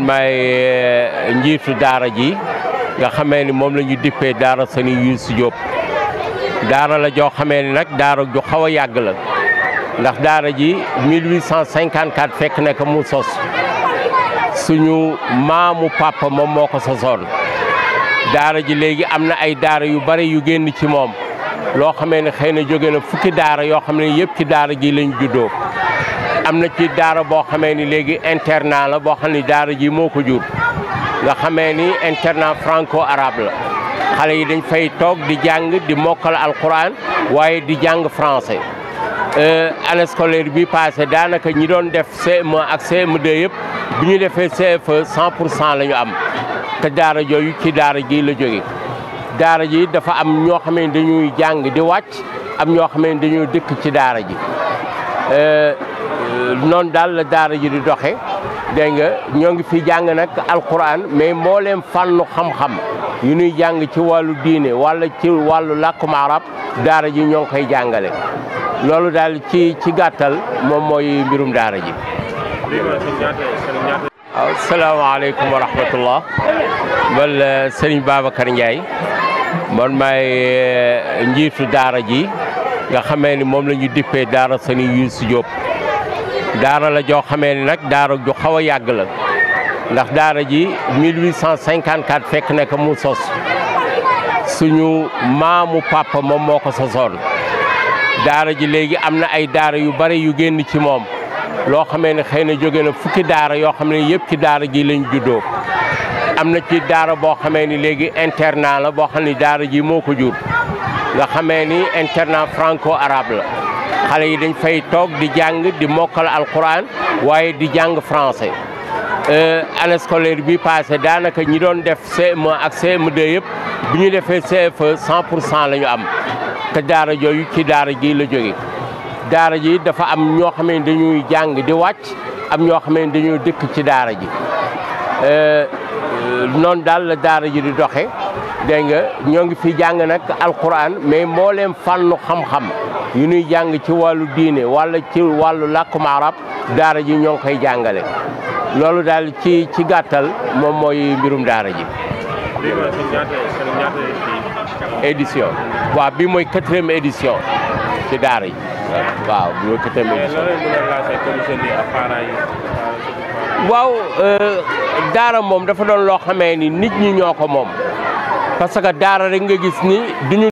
man maay eh, njiitu daara ji nga xamee ni moom la ñu dippee daara sëriñ Youssou Diop daara la joo xamee ni nag daara ju xaw a yàgg la ndax daara ji 1854 fekk na ko mu sos suñu maamu papa moom moo ko sosoon daara ji léegi am na ay daara yu bare yu génn ci moom loo xamee ne xëy na jóge na fukki daara yoo xam ne yëpp ci daara ji lañ juddoo am na ci daara boo xamee ni léegi internat la boo xam ne daara ji moo ko jur nga xamee ni internat franco arabe la xale yi dañ fay toog di jàng di mokkal alquran waaye di jàng français euh, année scolaire bi passé daanaka ñi doon def cm e ak CM2 yëpp bi ñu defee CFE 100 pour cent la ñu am te daara jooyu ci daara ji la jóge daara ji dafa am ñoo xamee ni dañuy jàng di wàcc am ñoo xamee ni dañuy dëkk ci daara ji euh, Euh, noonu daal la daara ji di doxe dégg nga ñoo ngi fi jàng nag alquran mais moo leen fànnu xam-xam yu nuy jàng ci wàllu diine walla ci wàllu làkkum arab daara ji ñoo ngi koy jàngale loolu daal ci ci gàttal moom mooy mbirum daara ji waaw salaamaaleykum wa rahmatullah man Serigne Babacar Ndiaye man maay euh, njiitu daara ji nga xamee ni moom la ñu dippee daara Serigne Youssou Diop daara la joo xamee ni nag daara ju xaw a yàgg la ndax daara ji 1854 fekk na ko mu sos suñu maamu papa moom moo ko sosoon daara ji léegi am na ay daara yu bari yu génn ci moom loo xamee ne xëy na jóge na fukki daara yoo xam ne yëpp ci daara ji lañ juddoo am na ci daara boo xamee ni léegi internat la boo xam ne daara ji moo ko jur nga xamee ni internat franco arabe la xale yi dañ fay toog di jàng di mokkal alquran waaye di jàng français euh, année scolaire bi passé daanaka ñi doon def cm ak CM2 yëpp bi ñu defee CFE 100 pour cent la am te daara jooyu ci daara ji la jóge daara ji dafa am ñoo xam dañuy jàng di wàcc am ñoo xam ne dañuy dëkk ci daara ji euh, noonu daal la daara ji di doxe dégg nga ñoo ngi fi jàng nag alquran mais mbooleem fànnu xam-xam yu nuy jàng ci wàllu diine wala ci wàllu làkkum arab daara ji ñoo ngi koy jàngale loolu daal ci ci gàttal moom mooy mbirum daara ji édition waaw bi mooy quatrième édition ci daara yi waaw bi mooy quatrième édition waaw euh, daara moom dafa doon loo xamee ni nit ñi ñoo ko moom parce que daara rek nga ni duñu